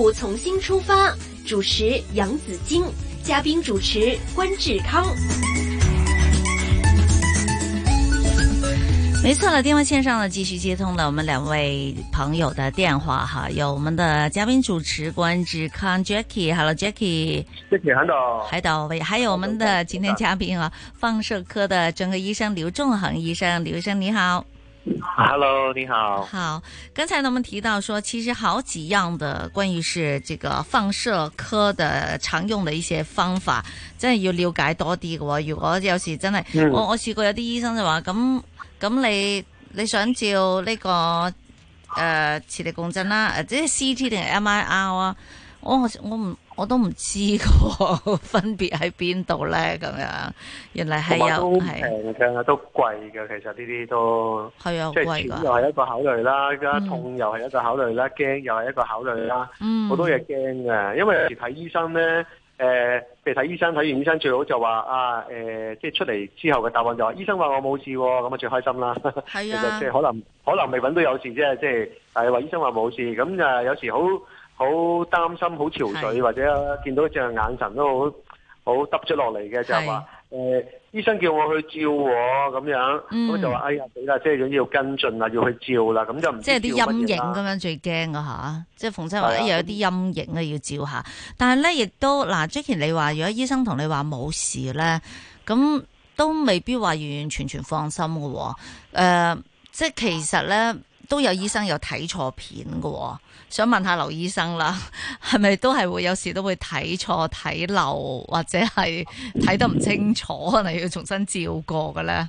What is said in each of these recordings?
我重新出發主持楊子晶，嘉賓主持關志康。沒錯了，電話線上呢繼續接通了我們兩位朋友的電話哈，有我們的嘉賓主持關志康 Jacky，Hello Jacky，Jacky 喺度喺度，Jackie、Hello, you, 還有我們的今天嘉賓啊，放射科的專科醫生劉仲恒醫生，劉醫生你好。Hello，你好。好，剛才呢，我們提到說，其實好幾樣的關於是這個放射科的常用的一些方法，真係要了解多啲嘅。如果有時真係、嗯，我我試過有啲醫生就話，咁咁你你想照呢、這個誒、呃、磁力共振啦、啊，即係 CT 定係 MRI 啊，我我唔。我都唔知個分別喺邊度咧，咁樣原來係有係，上下都，是都貴嘅。其實呢啲都係啊，即係錢又係一個考慮啦，而家、嗯、痛又係一個考慮啦，驚又係一個考慮啦。好、嗯、多嘢驚嘅，因為有時睇醫生咧，誒，譬如睇醫生，睇、呃、完醫生最好就話啊，誒、呃，即係出嚟之後嘅答案就話，醫生話我冇事喎，咁啊最開心啦。係啊的， 其實即係可能可能未揾到有事啫，即係誒話醫生話冇事，咁就有時好。好擔心，好憔悴，是或者見到隻眼神都好好耷咗落嚟嘅，是就係話誒醫生叫我去照我咁樣，咁、嗯、就話哎呀死啦，即係總之要跟進啦，要去照啦，咁就唔即係啲陰影咁樣最驚嘅嚇，即係逢親話一有啲陰影咧要照下。啊」但係咧亦都嗱，Judy 你話如果醫生同你話冇事咧，咁都未必話完完全全放心嘅喎，即係其實咧。都有醫生有睇錯片㗎喎，想問下劉醫生啦，係咪都係會有時都會睇錯、睇漏或者係睇得唔清楚，可能要重新照過嘅咧？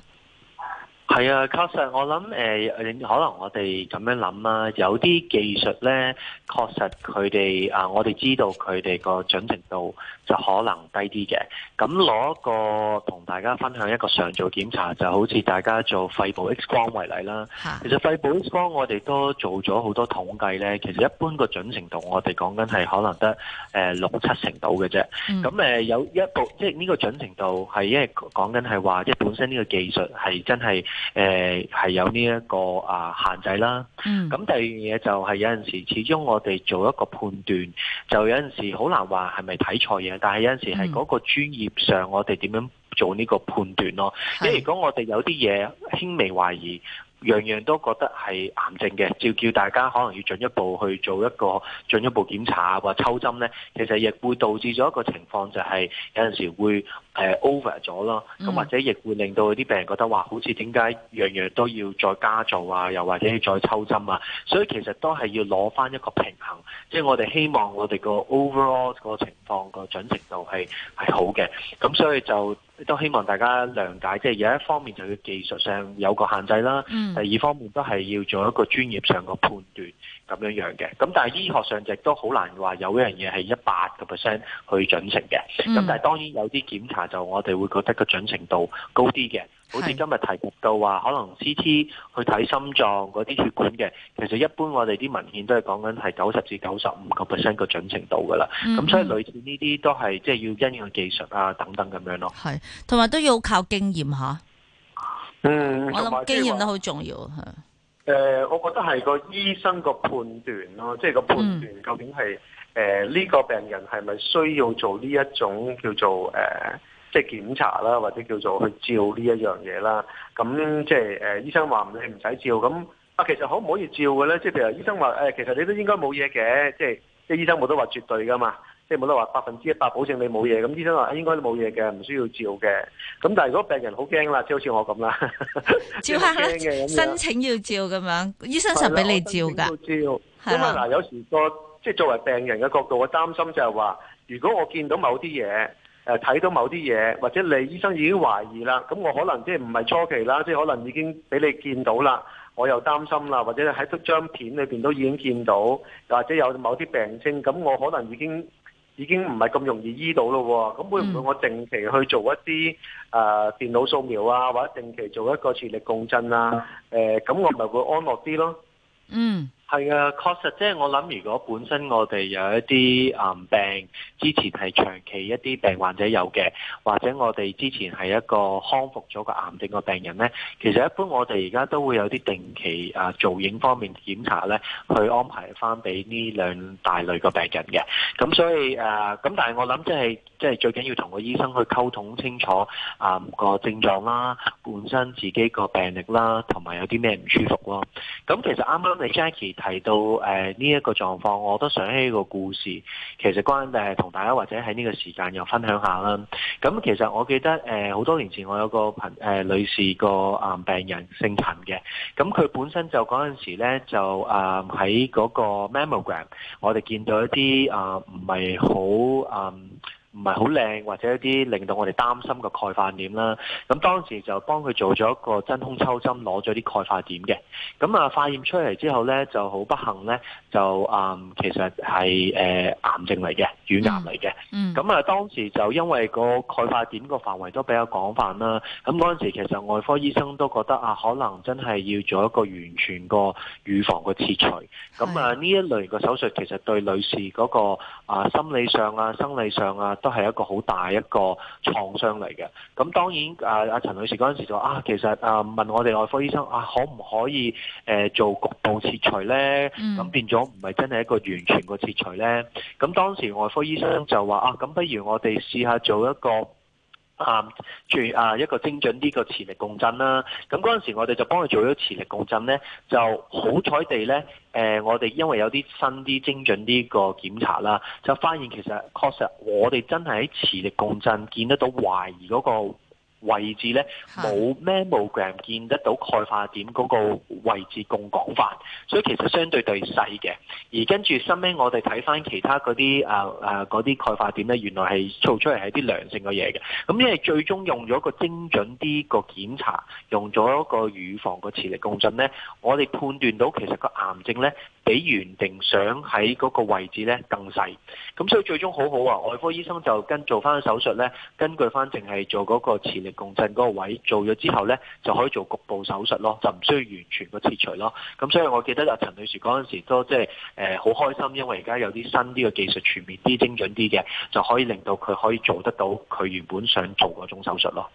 係啊，確實我諗誒、呃，可能我哋咁樣諗啦，有啲技術咧，確實佢哋啊，我哋知道佢哋個準程度就可能低啲嘅。咁攞個同大家分享一個常做檢查，就好似大家做肺部 X 光為例啦。其實肺部 X 光我哋都做咗好多統計咧，其實一般準、嗯呃、一個準程度我哋講緊係可能得誒六七成度嘅啫。咁誒有一部即係呢個準程度係因為講緊係話，即係本身呢個技術係真係。誒係、呃、有呢、這、一個啊、呃、限制啦，咁、嗯、第二樣嘢就係有陣時，始終我哋做一個判斷，就有陣時好難話係咪睇錯嘢，但係有陣時係嗰個專業上，我哋點樣做呢個判斷咯？嗯、因為如果我哋有啲嘢輕微懷疑。樣樣都覺得係癌症嘅，照叫大家可能要進一步去做一個進一步檢查啊，話抽針呢，其實亦會導致咗一個情況，就係有陣時會誒 over 咗啦，咁或者亦會令到啲病人覺得話，好似點解樣樣都要再加做啊，又或者要再抽針啊，所以其實都係要攞翻一個平衡，即係我哋希望我哋個 overall 個情況個準程度係係好嘅，咁所以就。都希望大家諒解，即係有一方面就要技術上有個限制啦。嗯、第二方面都係要做一個專業上嘅判斷咁樣樣嘅。咁但係醫學上亦都好難話有一樣嘢係一百個 percent 去準成嘅。咁、嗯、但係當然有啲檢查就我哋會覺得個準程度高啲嘅。好似今日提及到話，可能 CT 去睇心臟嗰啲血管嘅，其實一般我哋啲文獻都係講緊係九十至九十五個 percent 嘅準程度噶啦。咁、嗯、所以類似呢啲都係即係要因應技術啊等等咁樣咯。係，同埋都要靠經驗嚇。嗯，我諗經驗都好重要嚇。誒、嗯呃，我覺得係個醫生個判斷咯，即係個判斷究竟係誒呢個病人係咪需要做呢一種叫做誒，呃即係檢查啦，或者叫做去照呢一樣嘢啦。咁即係誒，醫生話唔你唔使照咁。啊，其實可唔可以照嘅咧？即係譬如醫生話誒，其實你都應該冇嘢嘅。即係即係醫生冇得話絕對㗎嘛，即係冇得話百分之一百保證你冇嘢。咁醫生話應該都冇嘢嘅，唔需要照嘅。咁但係如果病人好驚啦，即係好似我咁啦，照下咧，申請要照咁樣，醫生就俾你照㗎。照，咁啊嗱，有時個即係作為病人嘅角度，我擔心就係話，如果我見到某啲嘢。誒睇到某啲嘢，或者你醫生已經懷疑啦，咁我可能即係唔係初期啦，即係可能已經俾你見到啦，我又擔心啦，或者喺張片裏邊都已經見到，或者有某啲病徵，咁我可能已經已經唔係咁容易醫到咯。咁會唔會我定期去做一啲誒、呃、電腦掃描啊，或者定期做一個磁力共振啊？誒、呃，咁我咪會安樂啲咯。嗯。係啊，確實即係我諗，如果本身我哋有一啲癌、嗯、病之前係長期一啲病患者有嘅，或者我哋之前係一個康復咗個癌症個病人咧，其實一般我哋而家都會有啲定期啊造影方面檢查咧，去安排翻俾呢兩大類個病人嘅。咁所以誒，咁、啊、但係我諗即係即係最緊要同個醫生去溝通清楚啊、嗯、個症狀啦，本身自己個病歷啦，同埋有啲咩唔舒服咯。咁其實啱啱你 Jackie，提到誒呢一個狀況，我都想起個故事，其實關誒同、呃、大家或者喺呢個時間又分享下啦。咁、嗯、其實我記得誒好、呃、多年前我有個貧誒、呃、女士個癌、呃、病人，姓陳嘅。咁、嗯、佢本身就嗰陣時咧就啊喺嗰個 mammogram，我哋見到一啲啊唔係好啊。呃唔係好靚，或者一啲令到我哋擔心嘅鈣化點啦。咁當時就幫佢做咗一個真空抽針，攞咗啲鈣化點嘅。咁啊，化驗出嚟之後呢，就好不幸呢，就嗯其實係誒、呃、癌症嚟嘅，乳癌嚟嘅。咁、嗯、啊，當時就因為個鈣化點個範圍都比較廣泛啦。咁嗰陣時其實外科醫生都覺得啊，可能真係要做一個完全個乳房嘅切除。咁啊，呢一類個手術其實對女士嗰、嗰個啊心理上啊生理上啊。都係一個好大一個創傷嚟嘅。咁當然，啊啊陳女士嗰陣時就啊，其實啊問我哋外科醫生啊，可唔可以誒、呃、做局部切除咧？咁變咗唔係真係一個完全嘅切除咧。咁當時外科醫生就話啊，咁不如我哋試下做一個。啊，住啊一個精準啲個磁力共振啦，咁嗰陣時我哋就幫佢做咗磁力共振咧，就好彩地咧，誒我哋因為有啲新啲精準啲個檢查啦，就發現其實確實我哋真係喺磁力共振見得到懷疑嗰個位置咧冇咩 mammogram 見得到，鈣化點嗰個位置更廣泛，所以其實相對對細嘅。而跟住後尾我哋睇翻其他嗰啲啊、啊嗰啲鈣化點咧，原來係做出嚟係啲良性嘅嘢嘅。咁、嗯、因為最終用咗個精準啲個檢查，用咗個乳房個磁力共振咧，我哋判斷到其實個癌症咧，比原定想喺嗰個位置咧更細，咁所以最終好好啊！外科醫生就跟做翻手術咧，根據翻淨係做嗰個磁力共振嗰個位，做咗之後咧就可以做局部手術咯，就唔需要完全嘅切除咯。咁所以我記得阿陳女士嗰陣時都即係誒好開心，因為而家有啲新啲嘅技術，全面啲、精準啲嘅，就可以令到佢可以做得到佢原本想做嗰種手術咯。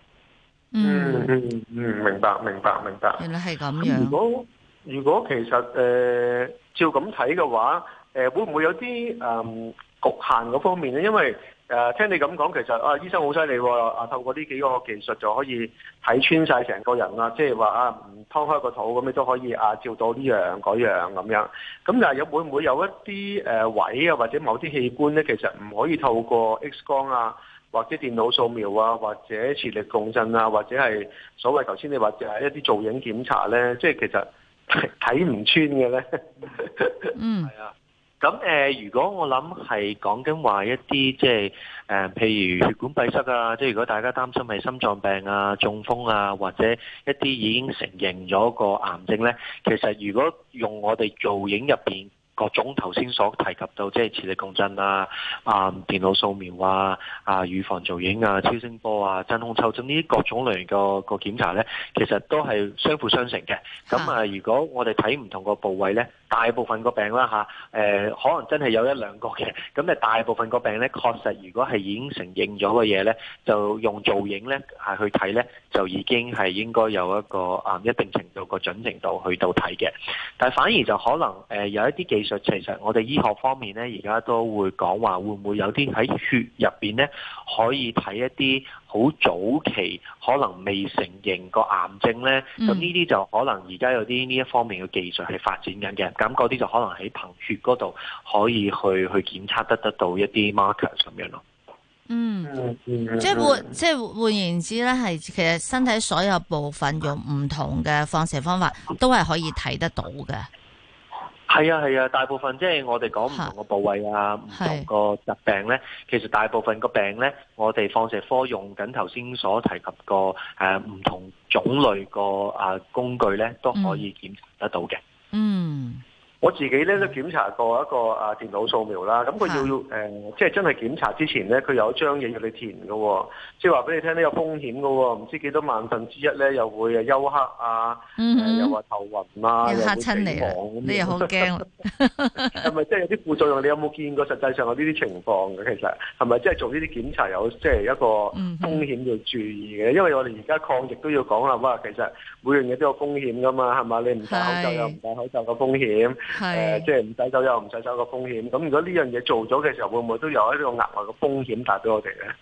嗯嗯嗯，明白明白明白。明白原來係咁樣。如果如果其實誒。呃照咁睇嘅話，誒、呃、會唔會有啲誒侷限嘅方面咧？因為誒、呃、聽你咁講，其實啊醫生好犀利喎，啊透過呢幾個技術就可以睇穿晒成個人啦，即係話啊唔劏開個肚咁，你都可以啊照到呢樣嗰樣咁樣。咁但係有會唔會有一啲誒、呃、位啊，或者某啲器官呢？其實唔可以透過 X 光啊，或者電腦掃描啊，或者磁力共振啊，或者係所謂頭先你話嘅一啲造影檢查呢？即、就、係、是、其實。睇唔穿嘅咧， 呢 嗯，係啊。 咁、呃、誒，如果我諗係講緊話一啲即係誒，譬、呃、如血管閉塞啊，即係如果大家擔心係心臟病啊、中風啊，或者一啲已經承認咗個癌症咧，其實如果用我哋造影入邊。各種頭先所提及到，即係磁力共振啊、啊、嗯、電腦掃描啊、啊乳房造影啊、超聲波啊、真空抽針呢各種類型個個檢查咧，其實都係相輔相成嘅。咁啊，如果我哋睇唔同個部位咧。大部分個病啦嚇，誒可能真係有一兩個嘅，咁誒大部分個病咧，確實如果係已經承認咗嘅嘢咧，就用造影咧係去睇咧，就已經係應該有一個啊一定程度個準程度去到睇嘅。但係反而就可能誒有一啲技術，其實我哋醫學方面咧，而家都會講話會唔會有啲喺血入邊咧可以睇一啲好早期可能未承認個癌症咧，咁呢啲就可能而家有啲呢一方面嘅技術係發展緊嘅。咁嗰啲就可能喺貧血嗰度可以去去檢測得得到一啲 marker 咁樣咯。嗯，嗯即係換、嗯、即係換言之咧，係其實身體所有部分用唔同嘅放射方法都係可以睇得到嘅。係啊係啊，大部分即係、就是、我哋講唔同嘅部位啊，唔、啊、同個疾病咧、啊，啊啊、其實大部分個病咧、啊，我哋放射科用緊頭先所提及過誒唔同種類個啊工具咧，都可以檢查得到嘅、嗯。嗯。我自己咧都檢查過一個啊電腦掃描啦，咁佢要要的、呃、即係真係檢查之前咧，佢有張嘢要你填嘅、哦，即係話俾你聽呢有風險嘅喎、哦，唔知幾多萬分之一咧又會啊休克啊，嗯哼呃、又話頭暈啊，嚇親你又啊，你又好驚，係咪即係有啲副作用？你有冇見過實際上有呢啲情況嘅？其實係咪即係做呢啲檢查有即係一個風險要注意嘅？因為我哋而家抗疫都要講啊嘛，其實每樣嘢都有風險噶嘛，係咪？你唔戴口罩又唔戴口罩嘅風險。係是、呃、即係唔使走又唔使走個風險。咁如果呢樣嘢做咗嘅時候，會唔會都有一個額外嘅風險帶俾我哋呢？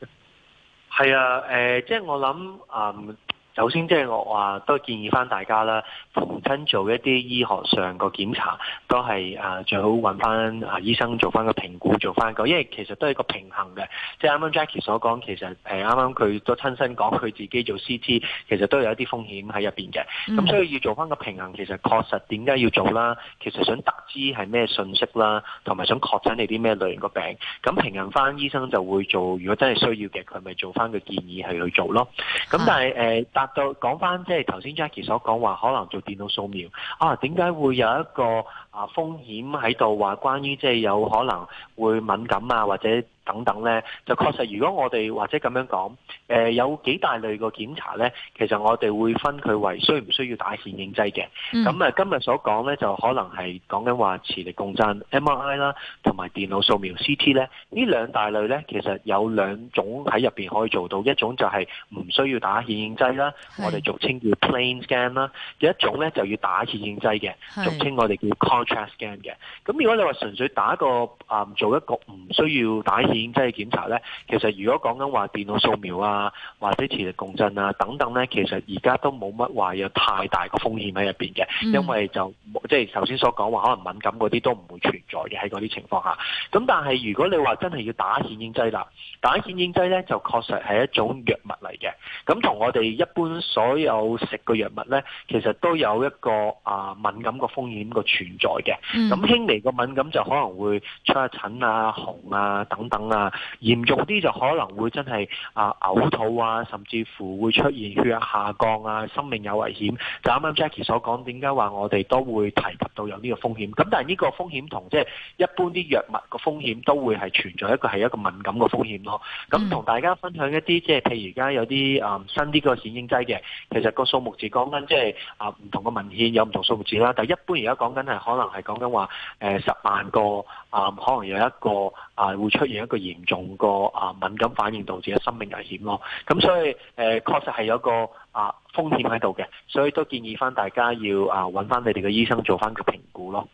係 啊，誒、呃，即係我諗誒。嗯首先即係我話都建議翻大家啦，逢親做一啲醫學上個檢查，都係啊最好揾翻啊醫生做翻個評估，做翻個，因為其實都係個平衡嘅。即係啱啱 Jackie 所講，其實誒啱啱佢都親身講，佢自己做 CT，其實都有一啲風險喺入邊嘅。咁所以要做翻個平衡，其實確實點解要做啦？其實想得知係咩信息啦，同埋想確診你啲咩類型個病。咁平衡翻醫生就會做，如果真係需要嘅，佢咪做翻個建議係去做咯。咁但係誒，呃就講翻即係頭先 Jackie 所講話，可能做電腦掃描啊，點解會有一個啊風險喺度？話關於即係有可能會敏感啊，或者，等等咧，就確實，如果我哋或者咁樣講，誒、呃、有幾大類個檢查咧，其實我哋會分佢為需唔需要打顯影劑嘅。咁誒、嗯、今日所講咧，就可能係講緊話磁力共振 MRI 啦，同埋電腦掃描 CT 咧，呢兩大類咧，其實有兩種喺入邊可以做到，一種就係唔需要打顯影劑啦，是我哋俗稱叫 plain scan 啦；有一種咧就要打顯影劑嘅，俗稱我哋叫 contrast scan 嘅。咁是如果你話純粹打一個誒、呃、做一個唔需要打，顯影劑檢查咧，其實如果講緊話電腦掃描啊，或者磁力共振啊等等咧，其實而家都冇乜話有太大個風險喺入邊嘅，因為就即係頭先所講話可能敏感嗰啲都唔會存在嘅喺嗰啲情況下。咁但係如果你話真係要打顯影劑啦，打顯影劑咧就確實係一種藥物嚟嘅。咁同我哋一般所有食嘅藥物咧，其實都有一個啊敏感個風險個存在嘅。咁輕微個敏感就可能會出一疹啊、紅啊等等。啊，嚴重啲就可能會真係啊嘔吐啊，甚至乎會出現血壓下降啊，生命有危險。就啱啱 Jackie 所講，點解話我哋都會提及到有呢個風險？咁但係呢個風險同即係一般啲藥物個風險都會係存在一個係一個敏感個風險咯。咁同大家分享一啲即係譬如而家有啲啊、嗯、新啲個攝影劑嘅，其實個數目字講緊即係啊唔同個文獻有唔同數目字啦。但係一般而家講緊係可能係講緊話誒十萬個啊、嗯，可能有一個。啊，會出現一個嚴重個啊敏感反應，導致嘅生命危險咯。咁所以誒，確實係有個啊風險喺度嘅，所以都建議翻大家要啊揾翻你哋嘅醫生做翻個評估咯。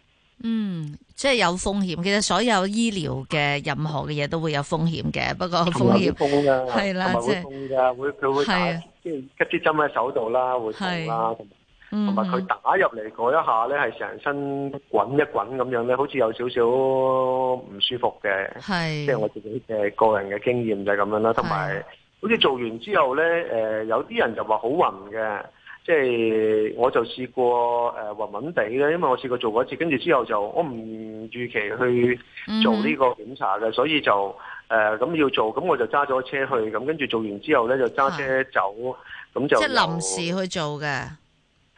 嗯，即係有風險。其實所有醫療嘅任何嘅嘢都會有風險嘅，不過風險係啦，同佢，啊就是，會即係一支針喺手度啦，會痛啦同埋佢打入嚟嗰一下咧，係成身滾一滾咁樣咧，好似有少少唔舒服嘅。係是，即係我自己嘅個人嘅經驗就係咁樣啦。同埋是好似做完之後咧，誒、呃，有啲人就話好暈嘅。即係我就試過誒暈暈地咧，因為我試過做過一次，跟住之後就我唔預期去做呢個檢查嘅，嗯、所以就誒咁、呃、要做，咁我就揸咗車去，咁跟住做完之後咧就揸車走，咁是就即係臨時去做嘅。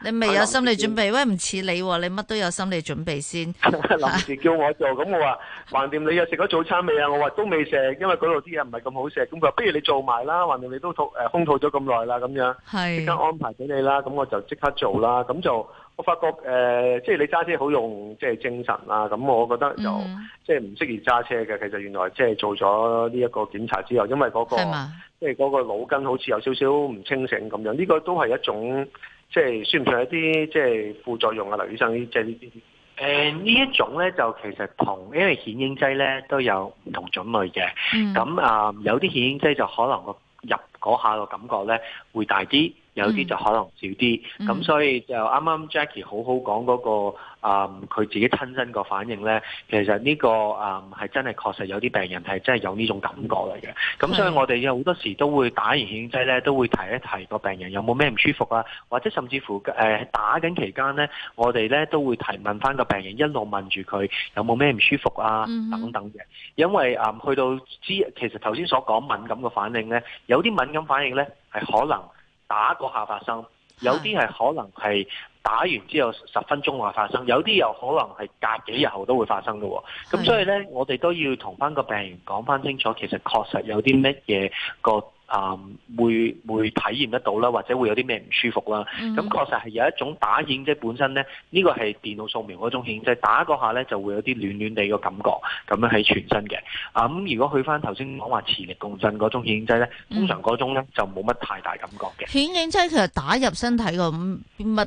你未有心理準備？哎、喂，唔似你喎、哦，你乜都有心理準備先。臨時 叫我做，咁我話，橫掂 你又食咗早餐未啊？我話，都未食，因為嗰度啲嘢唔係咁好食。咁佢話，不如你做埋啦，橫掂你都吐，誒空肚咗咁耐啦，咁樣即是刻安排俾你啦。咁我就即刻做啦。咁就我發覺誒、呃，即係你揸車好用，即係精神啦。咁我覺得就，嗯、即係唔適宜揸車嘅。其實原來即係做咗呢一個檢查之後，因為嗰、那個嗎即係嗰個腦筋好似有少少唔清醒咁樣。呢、這個都係一種。即係算唔算一啲即係副作用啊，劉醫生？即係呢啲誒呢一種咧，就其實同因為顯影劑咧都有唔同種類嘅，咁啊、嗯呃、有啲顯影劑就可能個入嗰下個感覺咧會大啲。Mm hmm. 有啲就可能少啲，咁、mm hmm. 所以就啱啱 Jackie 好好講嗰個啊，佢、嗯、自己親身個反應咧，其實呢、呢個啊係、嗯、真係確實有啲病人係真係有呢種感覺嚟嘅。咁、mm hmm. 所以我哋有好多時都會打完顯影劑咧，都會提一提個病人有冇咩唔舒服啊，或者甚至乎誒、呃、打緊期間咧，我哋咧都會提問翻個病人一路問住佢有冇咩唔舒服啊、mm hmm. 等等嘅，因為啊、嗯、去到之其實頭先所講敏感個反應咧，有啲敏感反應咧係可能。打嗰下發生，有啲係可能係打完之後十分鐘話發生，有啲又可能係隔幾日後都會發生嘅。咁所以咧，我哋都要同翻個病人講翻清楚，其實確實有啲乜嘢個。啊，嗯、會會體驗得到啦，或者會有啲咩唔舒服啦。咁、嗯、確實係有一種打顯影劑本身咧，呢個係電腦掃描嗰種顯影劑，打一下咧就會有啲暖暖地嘅感覺，咁樣喺全身嘅。啊、嗯，咁如果去翻頭先講話磁力共振嗰種顯影劑咧，通常嗰種咧就冇乜太大感覺嘅。顯影劑，劑其實打入身體個乜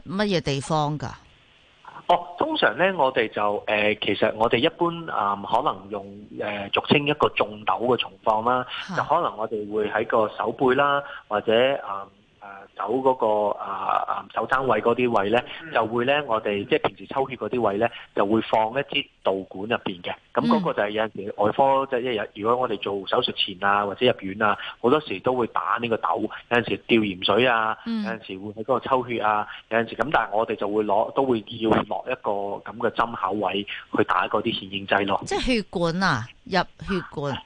乜嘢地方㗎？哦，oh, 通常咧，我哋就誒、呃，其實我哋一般啊、呃，可能用誒、呃、俗稱一個種豆嘅情況啦，就可能我哋會喺個手背啦，或者啊。呃走嗰、那個啊手踭位嗰啲位咧，mm. 就會咧我哋即係平時抽血嗰啲位咧，就會放一支導管入邊嘅。咁嗰個就係有陣時外科即係一日，如果我哋做手術前啊或者入院啊，好多時都會打呢個豆。有陣時吊鹽水啊，有陣時會喺嗰度抽血啊，有陣時咁。但係我哋就會攞都會要落一個咁嘅針口位去打嗰啲顯影劑咯。即係血管啊，入血管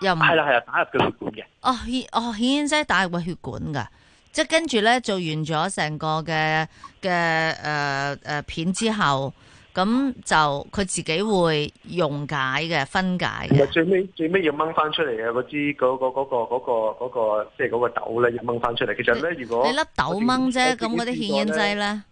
又唔係啦，係 啊，打入個血管嘅 、啊、哦，顯哦顯影劑打入個血管㗎。啊即係跟住咧做完咗成個嘅嘅誒誒片之後，咁就佢自己會溶解嘅分解嘅。最尾最尾要掹翻出嚟嘅嗰支嗰嗰個個個即係嗰個豆咧，要掹翻出嚟。其實咧，如果你粒豆掹啫，咁嗰啲顯影劑咧，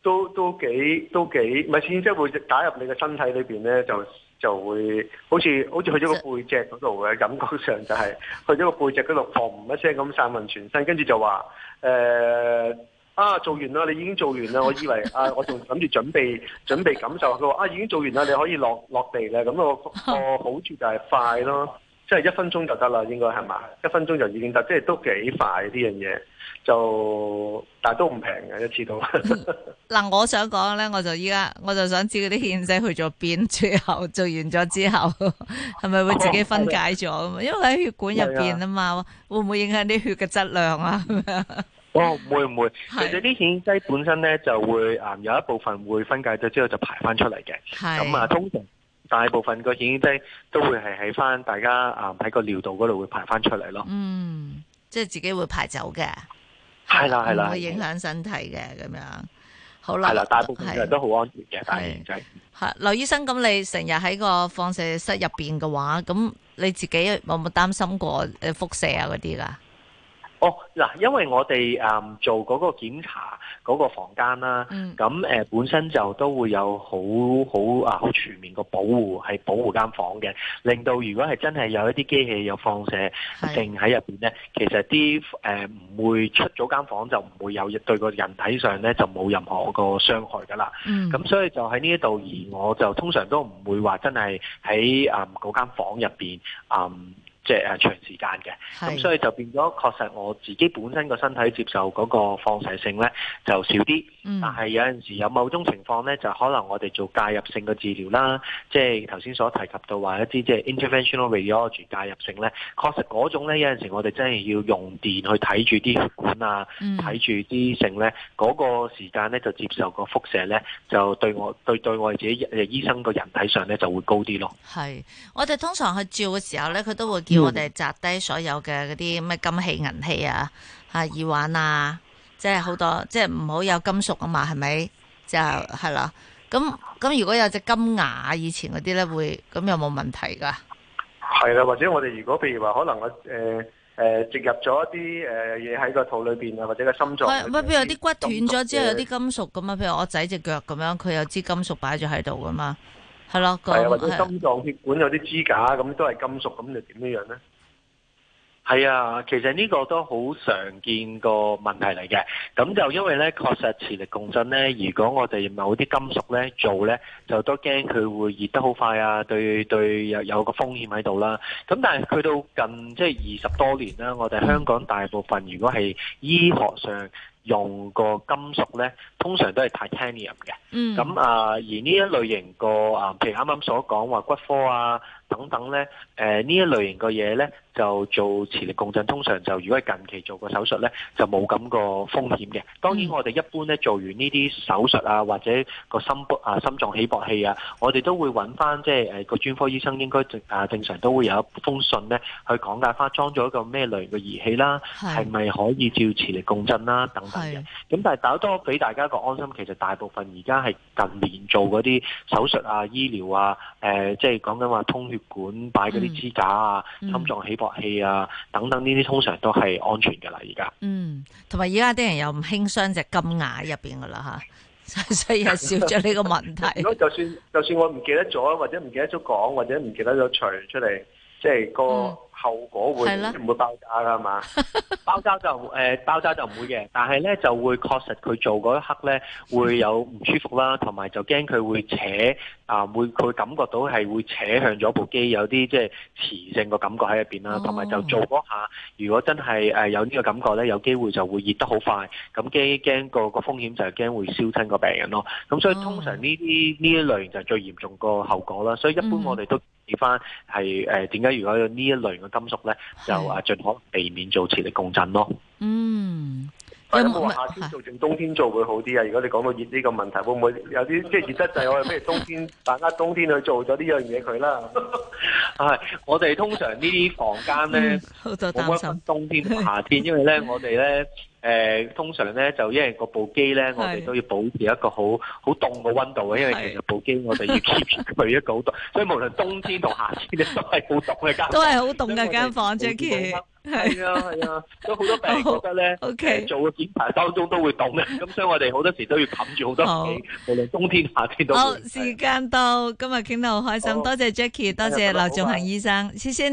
都都幾都幾唔係顯影劑會打入你嘅身體裏邊咧就。就會好似好似去咗個背脊嗰度嘅感覺上，就係，就係去咗個背脊嗰度，嘭一聲咁散勻全身，跟住就話誒、呃、啊，做完啦，你已經做完啦，我以為啊，我仲諗住準備準備感受，佢話啊已經做完啦，你可以落落地啦，咁我我好處就係快咯，即係一分鐘就得啦，應該係嘛？一分鐘就已經得，即係都幾快呢樣嘢。就但係都唔平嘅一次到。嗱、嗯， 我想講咧，我就依家我就想知嗰啲顯劑去咗邊，最後做完咗之後，係 咪會自己分解咗啊？因為喺血管入邊啊嘛，的會唔會影響啲血嘅質量啊？咁 樣哦，唔會唔會，其實啲顯劑本身咧就會啊，有一部分會分解咗之後就排翻出嚟嘅。咁啊的，通常大部分個顯劑都會係喺翻大家啊喺個尿道嗰度會排翻出嚟咯。嗯，即係自己會排走嘅。係啦，係啦，會 影響身體嘅咁樣，好啦，係啦、 嗯，大部分人都好安全嘅，大耳仔。哈，劉 醫生，咁你成日喺個放射室入邊嘅話，咁你自己有冇擔心過誒輻射啊嗰啲噶？哦，嗱，oh, 因為我哋誒、嗯、做嗰個檢查嗰個房間啦，咁誒、mm. 呃、本身就都會有好好啊好全面個保護，係保護間房嘅，令到如果係真係有一啲機器有放射性喺入邊咧，mm. 其實啲誒唔會出咗間房就唔會有對個人體上咧就冇任何個傷害㗎啦。咁、mm. 所以就喺呢一度，而我就通常都唔會話真係喺誒嗰間房入邊誒。嗯即係誒長時間嘅，咁、嗯、所以就變咗，確實我自己本身個身體接受嗰個放射性咧就少啲。嗯、但係有陣時有某種情況咧，就可能我哋做介入性嘅治療啦，即係頭先所提及到話一啲即係 Interventional Radiology 介入性咧，確實嗰種咧有陣時我哋真係要用電去睇住啲血管啊，睇住啲性咧，嗰、嗰個時間咧就接受個輻射咧，就對我對對我哋自己誒醫生個人體上咧就會高啲咯。係，我哋通常去照嘅時候咧，佢都會叫我哋摘低所有嘅嗰啲咩金器銀器啊，啊耳環啊。即係好多，即係唔好有金屬啊嘛，係咪？就係啦。咁咁如果有隻金牙，以前嗰啲咧會咁有冇問題㗎？係啦，或者我哋如果譬如話，可能我誒誒植入咗一啲誒嘢喺個肚裏邊啊，或者個心臟，喂，譬如有啲骨斷咗之後有啲金屬咁啊，譬如我仔隻腳咁樣，佢有支金屬擺咗喺度㗎嘛，係咯。係啊，或者心臟血管有啲支架咁都係金屬，咁你點樣咧？係啊，其實呢個都好常見個問題嚟嘅，咁就因為咧，確實磁力共振咧，如果我哋某啲金屬咧做咧，就都驚佢會熱得好快啊，對對有有個風險喺度啦。咁但係去到近即係二十多年啦、啊，我哋香港大部分如果係醫學上用個金屬咧，通常都係 titanium 嘅。嗯。咁啊、呃，而呢一類型個啊、呃，譬如啱啱所講話骨科啊，等等咧，誒、呃、呢一類型嘅嘢咧，就做磁力共振，通常就如果係近期做個手術咧，就冇咁個風險嘅。當然我哋一般咧做完呢啲手術啊，或者個心啊、心臟起搏器啊，我哋都會揾翻即係誒個專科醫生，應該正啊正常都會有一封信咧，去講解翻裝咗一個咩類型嘅儀器啦，係咪可以照磁力共振啦等等嘅。咁但係打多俾大家一個安心，其實大部分而家係近年做嗰啲手術啊、醫療啊，誒即係講緊話通血。管擺嗰啲支架啊、心臟起搏器啊等等呢啲，嗯、通常都係安全嘅啦。而家嗯，同埋而家啲人又唔輕傷隻金牙入邊嘅啦嚇，所以又少咗呢個問題。如果就算就算我唔記得咗，或者唔記得咗講，或者唔記得咗除出嚟。即係個後果會唔會爆炸㗎嘛？爆炸就誒，爆炸就唔會嘅，但係咧就會確實佢做嗰一刻咧會有唔舒服啦，同埋就驚佢會扯啊，會佢感覺到係會扯向咗部機有啲即係磁性個感覺喺入邊啦，同埋就做嗰下，如果真係誒有呢個感覺咧，有機會就會熱得好快，咁驚驚個個風險就係驚會燒親個病人咯。咁所以通常呢啲呢一類就係最嚴重個後果啦。所以一般我哋都。熱翻係誒，點解如果有呢一類嘅金屬咧，就誒盡可避免做磁力共振咯。嗯，夏天做定冬天做會好啲啊？如果你講到熱呢個問題，會唔會有啲即係熱得滯？ 我哋不如冬天大家冬天去做咗呢樣嘢佢啦。係， 我哋通常呢啲房間咧，冇乜分冬天同夏天，因為咧 我哋咧。誒通常咧就因為部機咧，我哋都要保持一個好好凍嘅温度嘅，因為其實部機我哋要 keep 住佢一個好凍，所以無論冬天同夏天都係好凍嘅間。都係好凍嘅間房，Jackie。係啊係啊，都好多病人覺得咧，OK 做個檢查當中都會凍嘅，咁所以我哋好多時都要冚住好多嘢，無論冬天夏天都好。時間到，今日傾得好開心，多謝 Jackie，多謝劉仲恒醫生，先先。